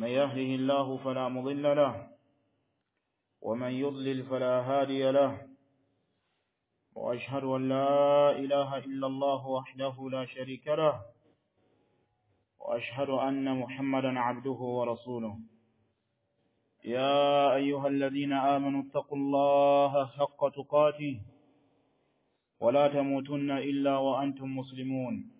من يهده الله فلا مضل له ومن يضلل فلا هادي له وأشهد أن لا إله إلا الله وحده لا شريك له وأشهد أن محمدا عبده ورسوله يا أيها الذين آمنوا اتقوا الله حق تقاته ولا تموتن إلا وأنتم مسلمون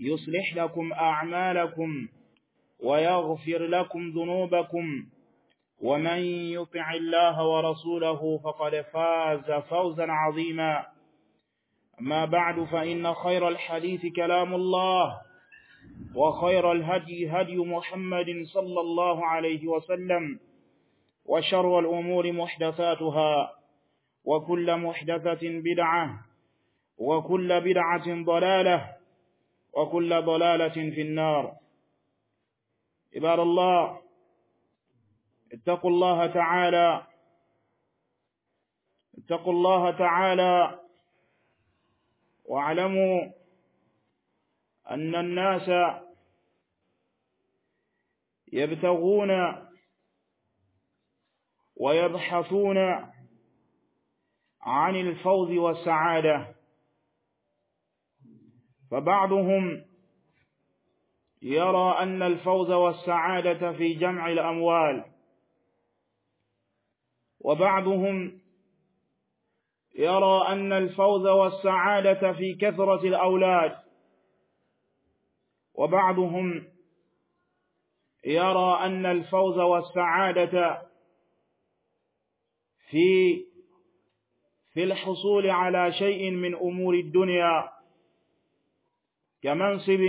يصلح لكم أعمالكم ويغفر لكم ذنوبكم ومن يطع الله ورسوله فقد فاز فوزا عظيما ما بعد فإن خير الحديث كلام الله وخير الهدي هدي محمد صلى الله عليه وسلم وشر الأمور محدثاتها وكل محدثة بدعة وكل بدعة ضلالة وكل ضلالة في النار عباد الله اتقوا الله تعالى اتقوا الله تعالى واعلموا أن الناس يبتغون ويبحثون عن الفوز والسعادة فبعضهم يرى أن الفوز والسعادة في جمع الأموال وبعضهم يرى أن الفوز والسعادة في كثرة الأولاد وبعضهم يرى أن الفوز والسعادة في في الحصول على شيء من أمور الدنيا كمنصب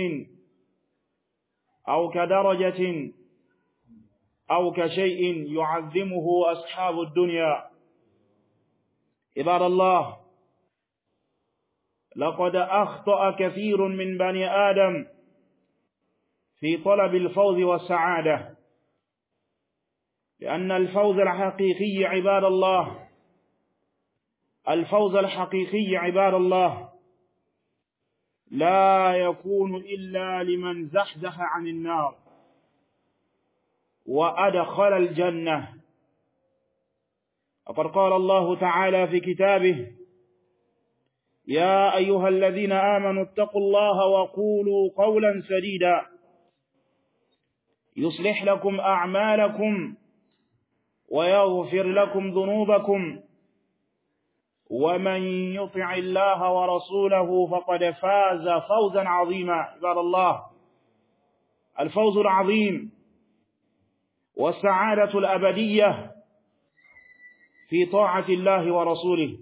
أو كدرجة أو كشيء يعظمه أصحاب الدنيا عباد الله لقد أخطأ كثير من بني آدم في طلب الفوز والسعادة لأن الفوز الحقيقي عباد الله الفوز الحقيقي عباد الله لا يكون إلا لمن زحزح عن النار وأدخل الجنة وقد قال الله تعالى في كتابه يا أيها الذين آمنوا اتقوا الله وقولوا قولا سديدا يصلح لكم أعمالكم ويغفر لكم ذنوبكم ومن يطع الله ورسوله فقد فاز فوزا عظيما عباد الله الفوز العظيم والسعادة الأبدية في طاعة الله ورسوله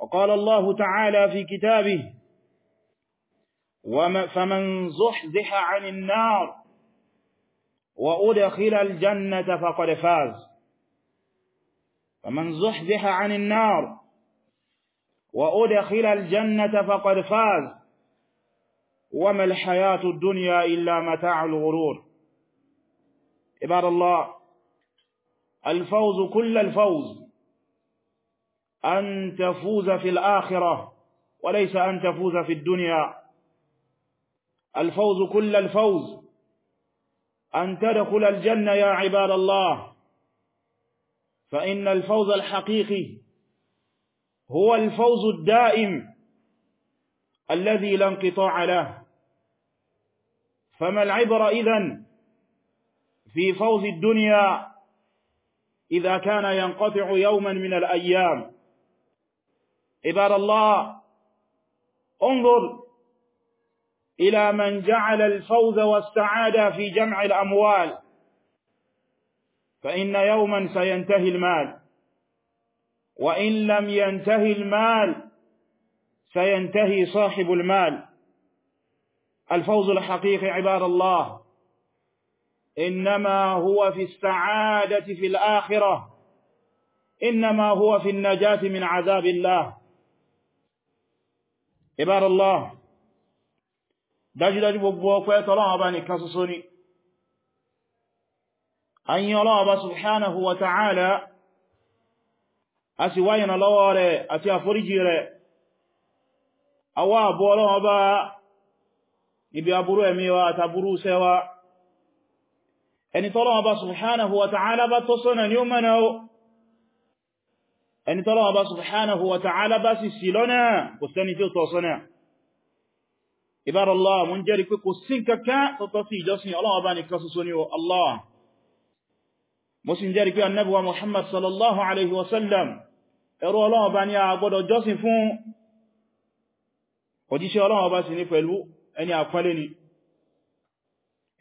وقال الله تعالى في كتابه فمن زحزح عن النار وأدخل الجنة فقد فاز فمن زحزح عن النار وأدخل الجنة فقد فاز وما الحياة الدنيا إلا متاع الغرور عباد الله الفوز كل الفوز أن تفوز في الآخرة وليس أن تفوز في الدنيا الفوز كل الفوز أن تدخل الجنة يا عباد الله فإن الفوز الحقيقي هو الفوز الدائم الذي لا انقطاع له فما العبرة إذن في فوز الدنيا إذا كان ينقطع يوما من الأيام عباد الله انظر إلى من جعل الفوز والسعادة في جمع الأموال فإن يوما سينتهي المال وإن لم ينتهي المال سينتهي صاحب المال الفوز الحقيقي عباد الله إنما هو في السعادة في الآخرة إنما هو في النجاة من عذاب الله عباد الله دجل gbogbo ọpẹ́ tọ́lọ́wọ́ bá nìkan ayin ọlọ́ọ̀bá subhanahu wa ta'ala a sì wáyìn lọ́wọ́ rẹ̀ àti àforíjì rẹ̀ a wá àbọ́ ọlọ́ọ̀bá ibi aburú ẹ̀mí wa àtàbúrú sẹ́wa ẹni tọ́lọ́ọ̀bá subhanahu wa ta'ala bá tó sọ́nà ní ọmọ náà ẹni tọ́lọ́ọ̀bá mo sì ń jẹ́rìí pé annabuwa muhammad sallallahu alaihi wasallam ẹrú ọlọ́wọ́ bá ní a gbọ́dọ̀ jọ́sìn fún òjíṣẹ́ ọlọ́wọ́ bá sì ní pẹ̀lú ẹni àpọ́nlé ni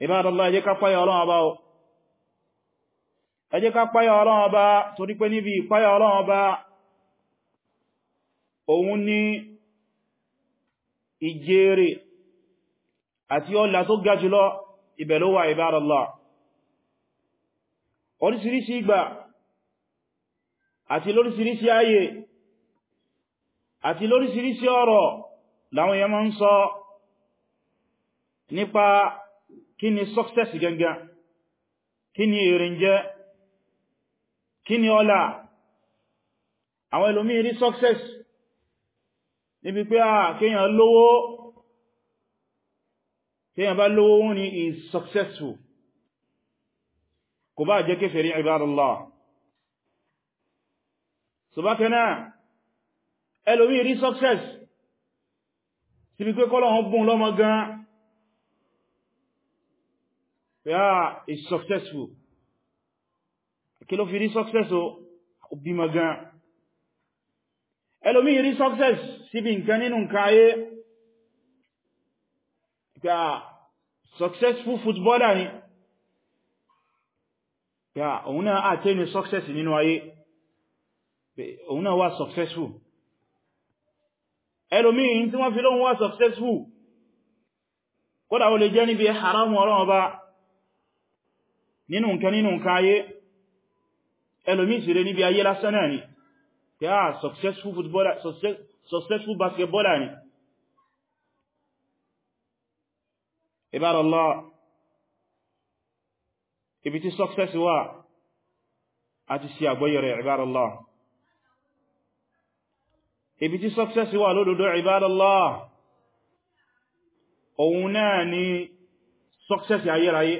ibadallah ẹ jẹ́ ká páyà ọlọ́wọ́ bá ẹ jẹ́ ká páyà ọlọ́wọ́ bá torí pé níbi ìpáyà ọlọ́wọ́ bá ibẹ̀ ló wà ibadallah oríṣiríṣi ìgbà àti lóríṣiríṣi ayé àti lóríṣiríṣi ọ̀rọ̀ láwọn èèyàn máa ń sọ nípa kí ni success gangan kí ni èrìnjẹ́ kí ni ọlá àwọn ẹlòmí rí success níbi pé à kíyàn lówó kíyàn bá lówó wọn ni is successful kò bá jẹ́ kéfèrí ibadallah so bákaná ẹlòmí rí success sí bí pé kọ́lọ̀ wọn bùn lọ́mọ gan yá is successful kí ló fi rí success o bí ma gan ẹlòmí rí success sí bí nǹkan nínú nǹkan ayé successful footballer ni pé òun náà àtẹ́nu success nínú ayé òun náà successful ẹlòmíì tí wọ́n fi lóhun wà successful kódà ó lè jẹ́ níbi haramu ọlọ́run ọba nínú nǹkan nínú nǹkan ayé ẹlòmíì sì rẹ̀ níbi ayé lásán náà ni pé ah, successful footballer successful basketballer ni ibára Allah ibi tí success wà àti sí àgbóyẹrẹ ìbáraláà ibi tí success wà lódodo ìbáraláà òun náà ni success ayérayé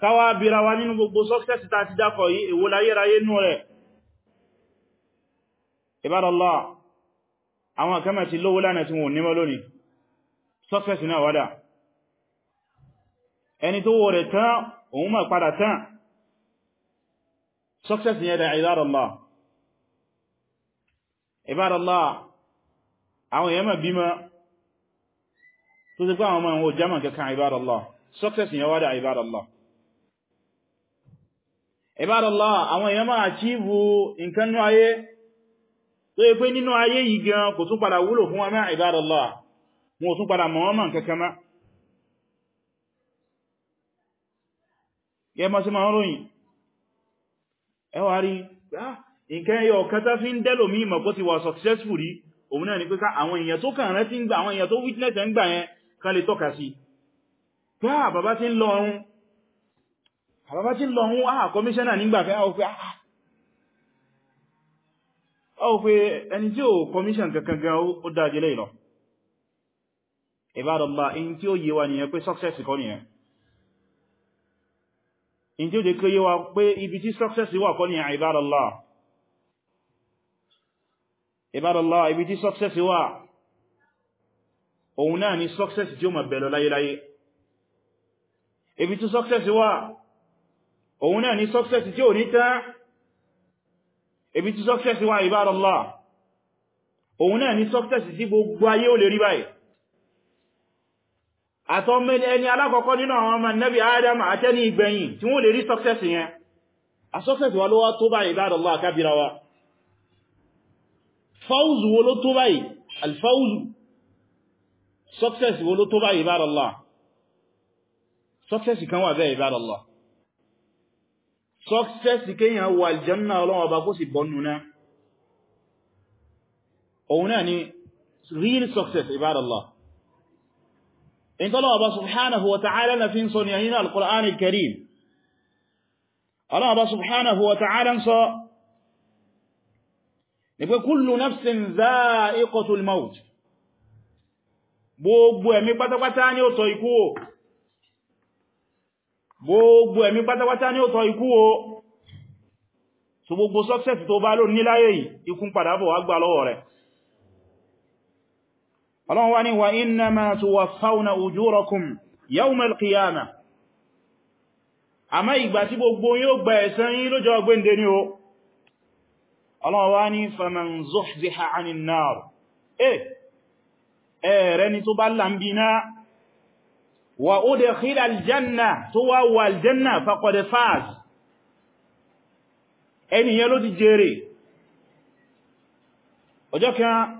káwà bíra wa nínú gbogbo success ta ti dákọ̀ yìí èwo láyérayé nú rẹ̀ ìbáraláà àwọn akẹ́mẹ̀ ti lówó lánàá tí wọn ò nímọ́ lónìí success náà wádàá ẹni tó wọ rẹ̀ tán òun máa padà tán success yẹn da ibadallah ibadallah àwọn èèyàn máa bímọ tó ti pé àwọn ọmọ òun jama kankan ibadallah success yẹn wá da ibadallah ibadallah àwọn èèyàn máa achieve nǹkan nú ayé tó yẹ pé nínú ayé yìí gan kò tún padà wúlò fún wọn mẹ́ ibadallah kẹ ma sí ma ń ròyìn ẹwà rí ah, nǹkan ẹyọ kẹta fi ń dẹ́lò mí mọ̀ ti wà successful rí òun náà ni pé ká àwọn èèyàn tó kàn rántí ń gbà àwọn èèyàn tó witness ẹ̀ ń gbà yẹn ká lè tọ́ka sí pé ah, bàbá tí ń lọ ọrún bàbá tí ń lọ ọrún àà kọmíṣánà nígbà fẹ́ àwọn pé àà ah, àwọn pé ẹni in tí ó yíwa nìyẹn pé success kọ́ nìyẹn in tí ó jẹ́ kéye wa pé ibi tí success wà kọ́ ní ibadallah ibadallah ibi tí success wà òun náà ni success tí ó ma bẹ̀rẹ̀ láyéláyé ibi tí success wà òun náà ni success tí ò ní tá ibi tí success wà ibadallah òun náà ni success tí gbogbo ayé ó lè rí báyìí àtọ́mọ ẹni alákọ̀ọ́kọ́ nínú àwọn ọmọ nẹ́bí adam àtẹ́ni ìgbẹ̀yìn tí wọ́n lè rí success yẹn a success wa ló wá tó báyìí ibadallah kábíra wa fawzu wo ló tó báyìí success wo ló tó báyìí success kan wà bẹ́ẹ̀ ibadallah success kéyàn wà aljanna ọlọ́wọ́ ọba kó sì bọ́nù real success ibadallah in tọ́lọ̀ ọba subhanahu wa ta'ala na fi ń sọ ní àyínà al-Qur'an al-Karim ọlọ́ọba subhanahu wa ta'ala ń sọ ní pé kullu nafsin za'iqatul maut gbogbo ẹ̀mí pátápátá ni ó tọ́ o gbogbo ẹ̀mí pátápátá ni ó tọ́ o so gbogbo success tó bá lò níláyé yìí ikú padà bọ̀ wá gbà lọ́wọ́ rẹ̀ ọlọ́run wá ní wa innama tuwaffawna ujurakum yawmal qiyamah àmá ìgbà tí gbogbo yóò gba ẹ̀san yín lọ́jọ́ ọgbẹ́ndẹ̀ ní o ọlọ́run wá ní faman zuhziha 'anil nar ẹ̀ ẹ̀rẹ́ ni aljanna tó wá wà aljanna faqad faz ẹniyàn ló ti jèrè ọjọ́ kan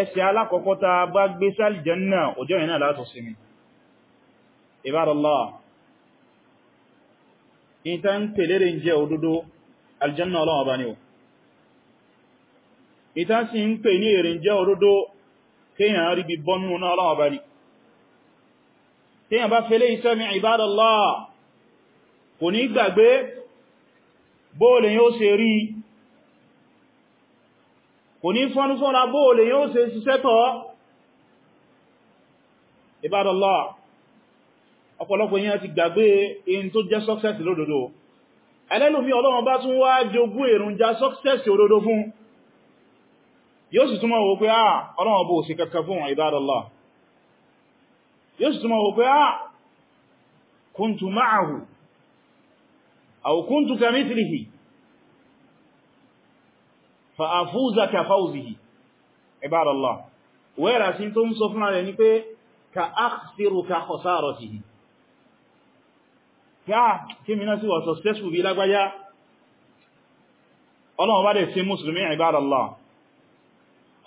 ẹsẹ̀ alákọ̀ọ́kọ́ ta bá gbé sáàlì jẹ́nà ọjọ́ ìrìnà látọ̀ sí mi ibadallah ìta ń tèlérè jẹ́ òdodo aljanna ọlọ́wọ́ bá ní o ìta sì ń pè ní èrè jẹ́ òdodo kíyàn rí bí bọ́nú náà ọlọ́wọ́ rí kò ní fọ́nú fọ́nà bóòlè yóò ṣe ṣiṣẹ́ tọ́ Ibadallah ọ̀pọ̀lọpọ̀ yẹn ti gbàgbé in tó jẹ́ success lódodo ẹlẹ́lùmí Ọlọ́run bá tún wá jogún èròǹjà success òdodo fún yóò sì túnmọ̀ wò pé à ah, Ọlọ́run bó sì ah, kẹkẹ fa'afúzaka fawzihi ibadallah wẹ́ra sí tó ń sọ fún ààrẹ ní pé ka áàkìsírù ka khasaratihi yáà kí mi náà sí wà successful bí lágbáyá ọlọ́wọ́ bá dẹ̀ sí musulmi ibadallah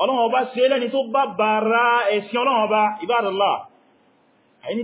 ọlọ́wọ́ bá sí ẹlẹ́ni tó bá bàrá ẹ̀sìn ọlọ́wọ́ bá ibadallah ẹni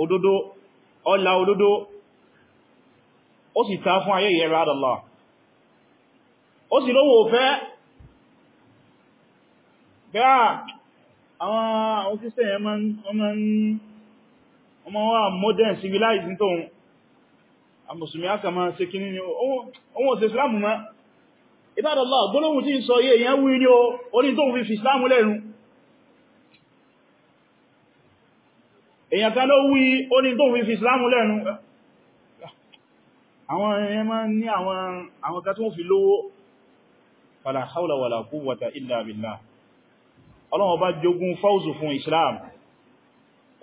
òdodo ọlá òdodo ó sì ta fún ayé ìyẹ̀rọ àdàlá ó sì lówó òfẹ́ àwọn àwọn sísẹ̀ ọmọ wà modern civilized tóun a musulmi aka ma ṣe kí ní ohun òsè islamu ma ìbádàlá gbọ́lọ́hun tí ń sọ iye èyàn wí ní o orí tóun fi islamu èyàn kan ló wí ó ní tó wí fi islamu lẹ́nu àwọn èyàn máa ní àwọn kan tó fi lówó fala hawla wala quwwata illa billah ọlọ́wọ́ bá jogun fáúsù fún islam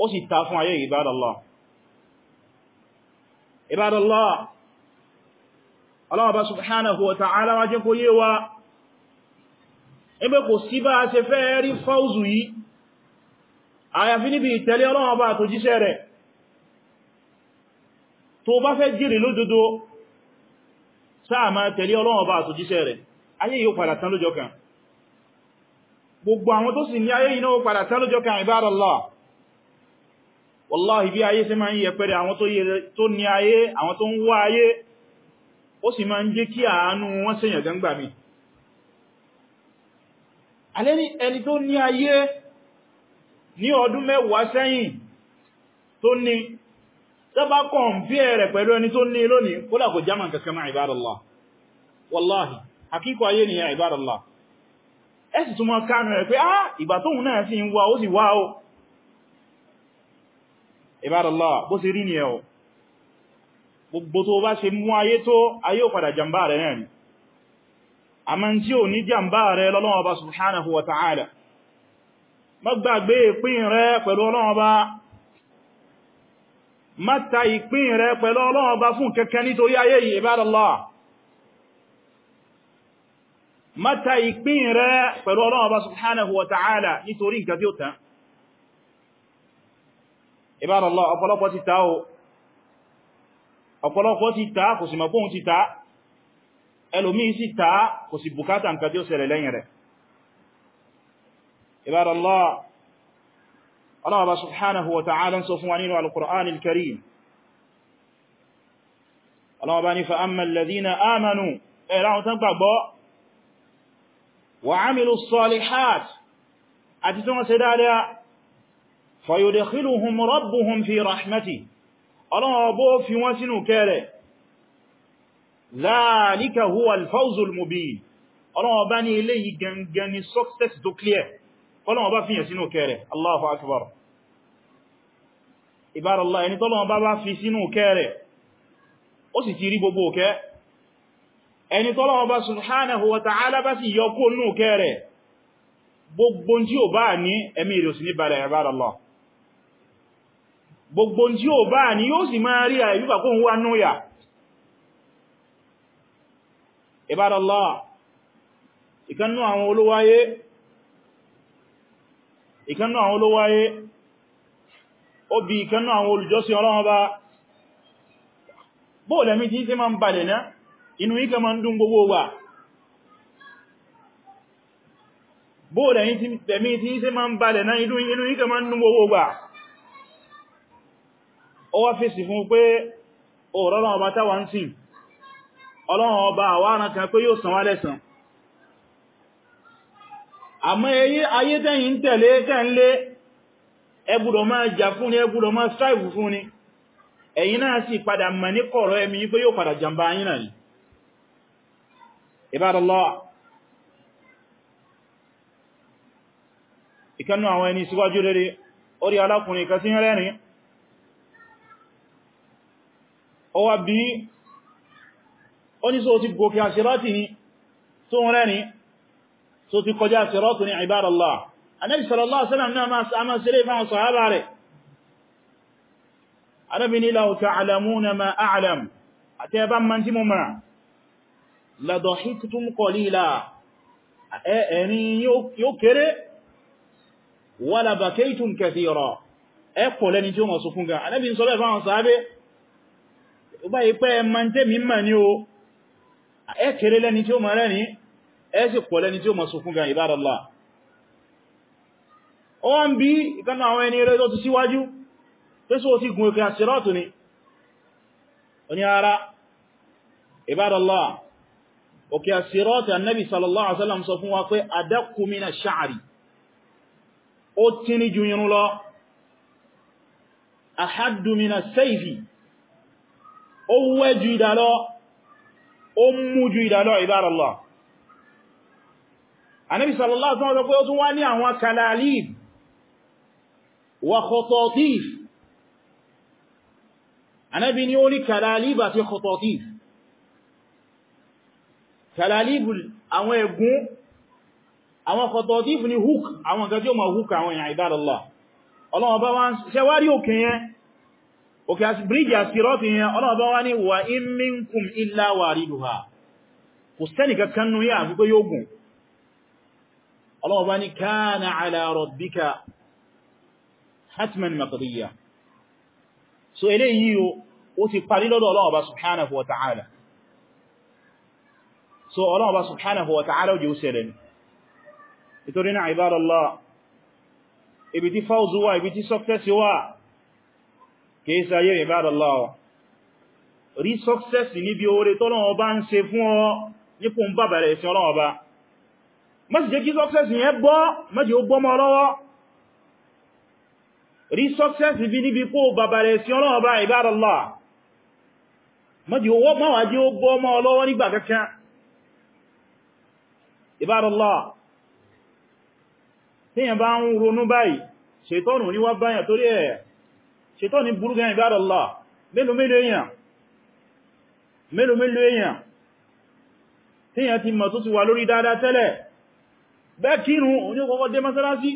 ó sì ta fún ayé ibadallah ẹgbẹ́ kò sí bá a ṣe fẹ́ rí fáúsù yìí àyàfi níbi ìtẹ̀lé ọlọ́wọ́ bá tó jíṣẹ́ rẹ̀ tó bá fẹ́ jìrì lódodo sáà tẹ̀lé ọlọ́wọ́ bá tó jíṣẹ́ rẹ̀ ayé yóò padà tán lójọ́ kan gbogbo àwọn tó sì ní ayé yìí padà tán lójọ́ kan ibadallah wallahi ayé ma ń àwọn tó ní ayé àwọn tó ń wá ayé ó sì ń kí àánú ní ọdún mẹ́wàá sẹ́yìn tó ní tẹ́bá kọ̀ǹfíẹ̀ rẹ̀ pẹ̀lú ẹni tó ní lónìí kódà kò jámà kankan máa ìbádọ́lá wàláhì ayé ni ìbádọ́lá ẹ sì tún mọ́ kánú pé á ah, ìgbà náà sì wá ó sì wá ó ìbádọ́lá bó ṣe rí ni ẹ̀ má gbàgbé ìpín rẹ pẹ̀lú Ọlọ́run Ọba má ta ìpín rẹ pẹ̀lú Ọlọ́run Ọba fún kẹ́kẹ́ nítorí ayé yìí ibadallah má ta ìpín rẹ pẹ̀lú Ọlọ́run Ọba subhanahu wa ta'ala nítorí nǹkan tí ó tán ibadallah ọ̀pọ̀lọpọ̀ ti ta kò sì mọ̀ pé ti ta ẹlòmíì sì ta kò sì bùkátà nǹkan tí ó ṣẹlẹ̀ lẹ́yìn rẹ̀ عباد الله الله سبحانه وتعالى صفوانين على القرآن الكريم الله باني فأما الذين آمنوا إلهوا تنقبوا وعملوا الصالحات أتتون سدادا فيدخلهم ربهم في رحمته الله أبو في وسن كاره ذلك هو الفوز المبين الله باني إليه جنجاني success declare ọlọ́wọ́n bá fìyàn sínú kẹrẹ Allahu akbar ìbáraláà ẹni tọ́lọ́wọ́n bá bá fi sínú kẹrẹ ó sì ti rí gbogbo kẹ́ ẹni tọ́lọ́wọ́n bá subhanahu wa ta'ala bá sì yọ kó nù kẹrẹ gbogbo tí ó bá ní ẹ̀mí rẹ̀ sí ní balẹ̀ ìbáraláà gbogbo tí ó bá ní ìkannú àwọn olówáyé ìkannú àwọn olówó ó bí ìkannú àwọn ọla ọlọ́wọ́ bá bóòlẹ̀ mi tí ma ma mi tí ma ń balẹ̀ náà inú yíká ma ń dún gbogbo wà ó wá fèsì fún pé òòrọ̀lọ́wọ́ bá táwà ń sìn ọlọ́wọ́ pé yóò àmọ́ eyi tẹ́yìn tẹ̀lé tẹ́ǹlé nle gbọ́dọ̀ máa jà fún ní ẹ gbọ́dọ̀ máa strive fún ní ẹ̀yin náà sì padà mọ̀ ní kọ̀rọ̀ ẹ̀mí pé yóò padà jàmbá yín náà ni Ibadallah ìkanú àwọn ẹni síwájú rere orí alákùnrin kan tó ti kọjá sírọ́tù ní ibadallah anábi sallallahu alaihi wasallam náà máa sílé fáwọn sọ̀hábà rẹ̀ anábi ní law ta'lamuna ma a'lam àti ẹbá ma tí mo mara la dahiktum qalila ẹni yóò kéré wala ẹ kò lẹ́ni tí ó mọ̀ sọ fún ga ń sọ́lẹ̀ fáwọn sọ̀hábà ó bá ipẹ́ ẹ ma ń tẹ́ mi mọ̀ ní o ẹ kéré lẹ́ni tí ó mọ̀ rẹ̀ ní ẹ sì pọ̀ lẹ́ni tí ó mọ̀ sunkún gan ìbádọ́lá ó wá ń bí ìkánà àwọn ẹni rẹ̀ tó ti síwájú tó sí ó ti gun ìkà sírọ́tù ni oní ara ìbádọ́lá òkè sírọ́tù annabi sallallahu alaihi wasallam sọ fún wa pé adakku ó wẹ́ ju ìdálọ́ ó mú ju ìdálọ́ ìbádọ́lá anábi sallallahu alaihi wasallam pé ó tún wá ní àwọn kalalib wa khototif anábi ni ó ní kalalib àti khototif kalalib àwọn ẹ̀gún àwọn khototif ni hook àwọn gají o ma hook àwọn èèyàn ìdálọ́lá ọlọ́wọ́ bá wá ń ṣẹwárí òkè yẹn òkè àti bíríjì àti rọ́tì yẹn ọlọ́wọ́ bá wá ní wa in minkum illa wariduha kò sẹ́nì nú ọlọ́wọ́ bá ní kana ala rabbika hatman maqdiya so eléyìí ó ti parí lọ́dọ̀ ọlọ́wọ́ bá subhanahu wa ta'ala so ọlọ́wọ́ bá subhanahu wa ta'ala ojú sẹ́rẹ̀ ni ìtorí náà ibadallah ibi tí fáwọ́zù ibi tí sọ́kẹ́sì wà má sì jẹ́ kí success yẹn bọ́ má jẹ́ ó bọ́ mọ́ lọ́wọ́ rí success fi níbi kó bàbà rẹ̀ sí ọlọ́wọ́ bá ìbáraláà má jẹ́ owó má wà jẹ́ ó bọ́ mọ́ lọ́wọ́ nígbà kankan ìbáraláà tíyàn bá ń ronú báyìí ṣètọ́nù ní wá báyàn torí ẹ̀ ṣètọ́nù tíyàn ti mọ̀ tó ti wà lórí dáadáa tẹ́lẹ̀ bẹ́ kírun òun yóò kọ́kọ́ dé mọ́sálásí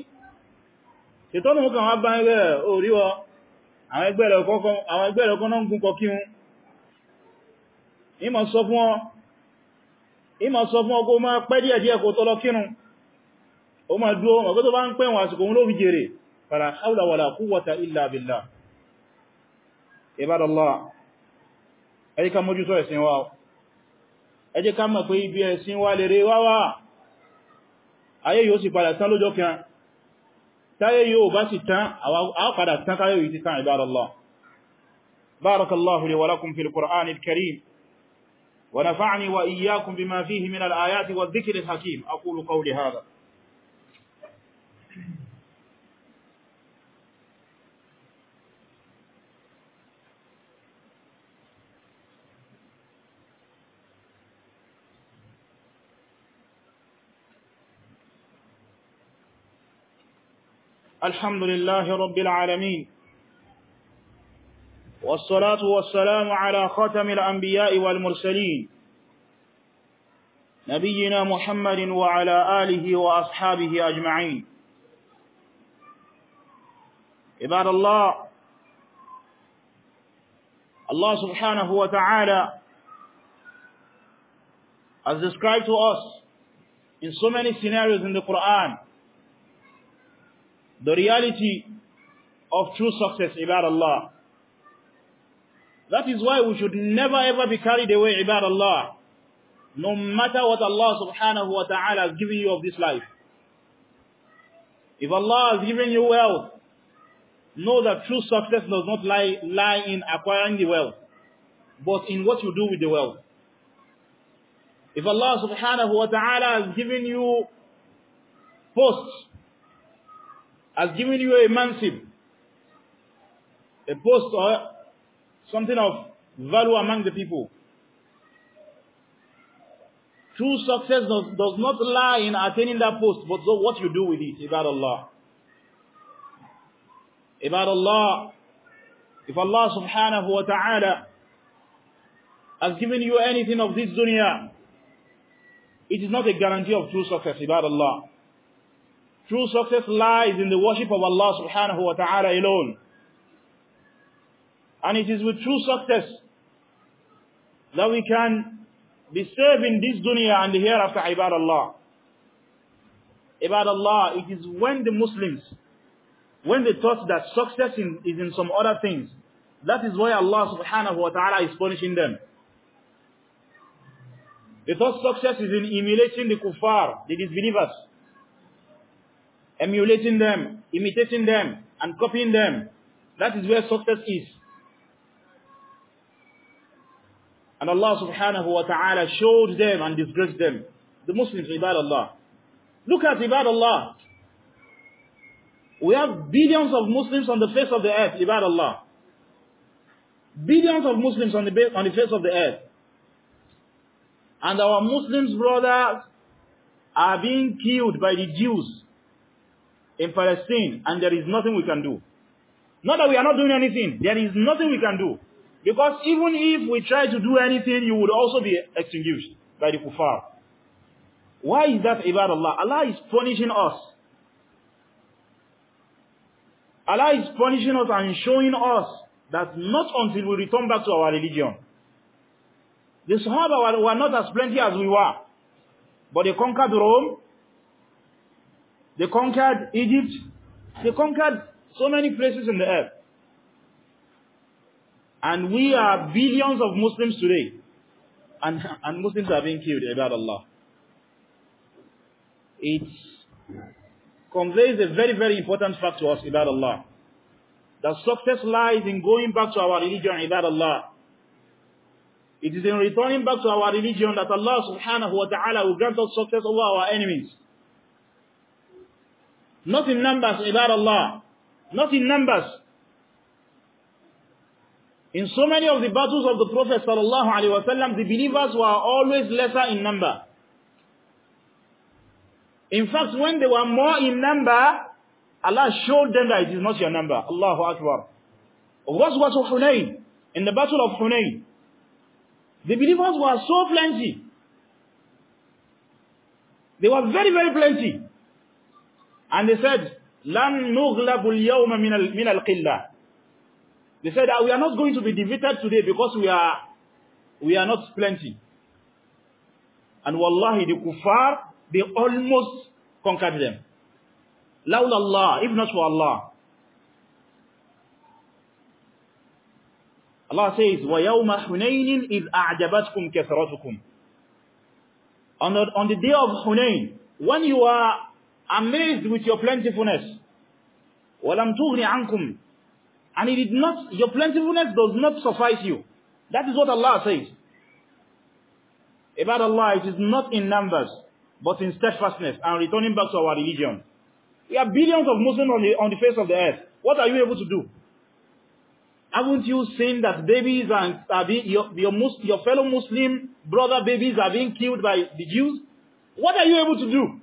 ṣètọ́nù mú kàn wá bá ẹgbẹ́ rẹ̀ ó rí wọ àwọn ẹgbẹ́ rẹ̀ ọkọ́ náà ń gún kọ kírun ìmọ̀ sọ fún ọkọ́ máa pẹ́ díẹ̀ díẹ̀ kó tọ́lọ kírun ó máa dúó ọgbẹ́ tó bá ń pẹ́ wọn àsìkò òun ló fi jèrè fara haula wala quwwata illa billah ibadallah ẹ jẹ́ ẹ̀sìn wa ẹ mọ̀ pé ibi ẹ̀sìn wa lè rẹ̀ wá ayé yóò sì padà tán lọ́jọ́ kan táyé yóò bá sì tán a padà tán táyé yìí ti tán ibadallah barakallahu li wa lakum fil qur'an al-karim wa nafa'ni wa iyyakum bima fihi min al-ayati wa dhikri al-hakim aqulu qawli hadha الحمد لله رب العالمين والصلاة والسلام على ختم الأنبياء والمرسلين نبينا محمد وعلى آله وأصحابه أجمعين عباد الله الله سبحانه وتعالى has described to us in so many scenarios in the Quran the reality of true success, ibad Allah. That is why we should never ever be carried away, ibad Allah. No matter what Allah subhanahu wa ta'ala has given you of this life. If Allah has given you wealth, know that true success does not lie, lie in acquiring the wealth, but in what you do with the wealth. If Allah subhanahu wa ta'ala has given you posts, has given you a mansib, a post or something of value among the people. True success does, does not lie in attaining that post, but so what you do with it, about Allah. About Allah, if Allah subhanahu wa ta'ala has given you anything of this dunya, it is not a guarantee of true success, about Allah. True success lies in the worship of Allah subhanahu wa ta'ala alone. And it is with true success that we can be serving this dunya and the hereafter ibad Allah. Ibad Allah, it is when the Muslims, when they thought that success in, is in some other things, that is why Allah subhanahu wa ta'ala is punishing them. They thought success is in emulating the kuffar, the disbelievers emulating them, imitating them, and copying them. That is where success is. And Allah subhanahu wa ta'ala showed them and disgraced them. The Muslims, Ibad Allah. Look at Ibad Allah. We have billions of Muslims on the face of the earth, Ibad Allah. Billions of Muslims on the, on the face of the earth. And our Muslims brothers are being killed by the Jews in Palestine and there is nothing we can do. Not that we are not doing anything. There is nothing we can do. Because even if we try to do anything, you would also be extinguished by the kuffar. Why is that about Allah? Allah is punishing us. Allah is punishing us and showing us that not until we return back to our religion. The Sahaba were not as plenty as we were. But they conquered Rome, they conquered Egypt. They conquered so many places in the earth. And we are billions of Muslims today. And, and Muslims are being killed, about Allah. It conveys a very, very important fact to us, about Allah. That success lies in going back to our religion, about Allah. It is in returning back to our religion that Allah subhanahu wa ta'ala will grant us success over our enemies. Not in numbers, ibad Allah. Not in numbers. In so many of the battles of the Prophet sallallahu alaihi wasallam, the believers were always lesser in number. In fact, when they were more in number, Allah showed them that it is not your number. Allahu Akbar. was Hunayn, in the battle of Hunayn, the believers were so plenty. They were very, very plenty. And they said, لَنْ نُغْلَبُ الْيَوْمَ مِنَ الْقِلَّةِ They said that ah, we are not going to be defeated today because we are, we are not plenty. And wallahi, the kuffar, they almost conquered them. لَوْلَ Allah If not for Allah. Allah says, وَيَوْمَ حُنَيْنٍ إِذْ أَعْجَبَتْكُمْ كَثْرَتُكُمْ on the, on the day of Hunayn, when you are amazed with your plentifulness. وَلَمْ تُغْنِ عَنْكُمْ And it did not, your plentifulness does not suffice you. That is what Allah says. About Allah, it is not in numbers, but in steadfastness and returning back to our religion. We are billions of Muslims on the, on the face of the earth. What are you able to do? Haven't you seen that babies and are being, your, your, your fellow Muslim brother babies are being killed by the Jews? What are you able to do?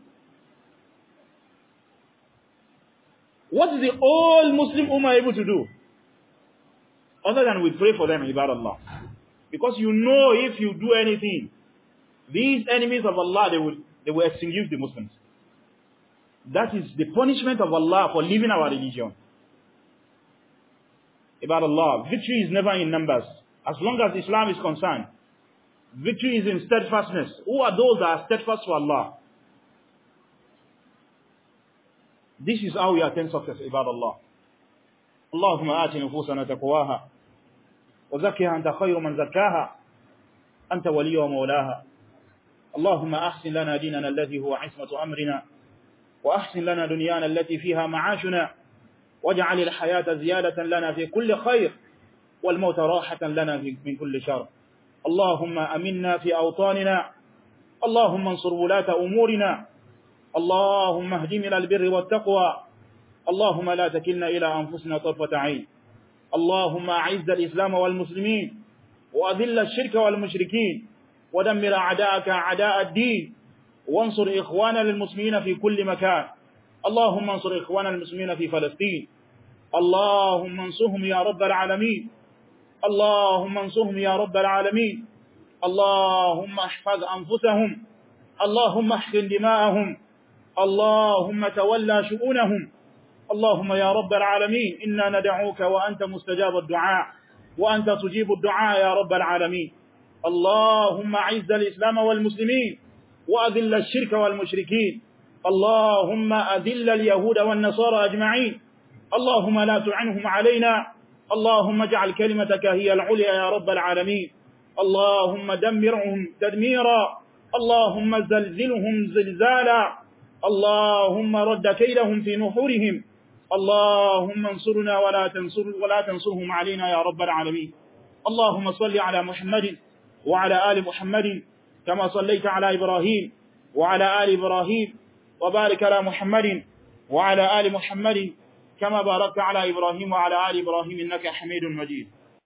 What is the old Muslim Ummah able to do? Other than we pray for them, Allah. Because you know if you do anything, these enemies of Allah, they will, they will extinguish the Muslims. That is the punishment of Allah for leaving our religion. About Allah, victory is never in numbers. As long as Islam is concerned, victory is in steadfastness. Who are those that are steadfast for Allah? This is how we attain success, عباد الله. اللهم آت نفوسنا تقواها وزكها أنت خير من زكاها أنت ولي ومولاها اللهم أحسن لنا ديننا الذي هو عصمة أمرنا وأحسن لنا دنيانا التي فيها معاشنا واجعل الحياة زيادة لنا في كل خير والموت راحة لنا من كل شر اللهم أمنا في أوطاننا اللهم انصر ولاة أمورنا اللهم اهدنا الى البر والتقوى اللهم لا تكلنا إلى أنفسنا طرفة عين اللهم أعز الإسلام والمسلمين وأذل الشرك والمشركين ودمر أعداءك أعداء الدين وانصر إخوانا للمسلمين في كل مكان اللهم انصر إخوانا المسلمين في فلسطين اللهم انصرهم يا رب العالمين اللهم انصرهم يا رب العالمين اللهم احفظ أنفسهم اللهم احفظ دماءهم اللهم تولى شؤونهم اللهم يا رب العالمين إنا ندعوك وأنت مستجاب الدعاء وأنت تجيب الدعاء يا رب العالمين اللهم أعز الإسلام والمسلمين وأذل الشرك والمشركين اللهم أذل اليهود والنصارى أجمعين اللهم لا تعنهم علينا اللهم اجعل كلمتك هي العليا يا رب العالمين اللهم دمرهم تدميرا اللهم زلزلهم زلزالا اللهم رد كيدهم في نحورهم اللهم انصرنا ولا تنصر ولا تنصرهم علينا يا رب العالمين اللهم صل على محمد وعلى آل محمد كما صليت على إبراهيم وعلى آل إبراهيم وبارك على محمد وعلى آل محمد كما باركت على إبراهيم وعلى آل إبراهيم إنك حميد مجيد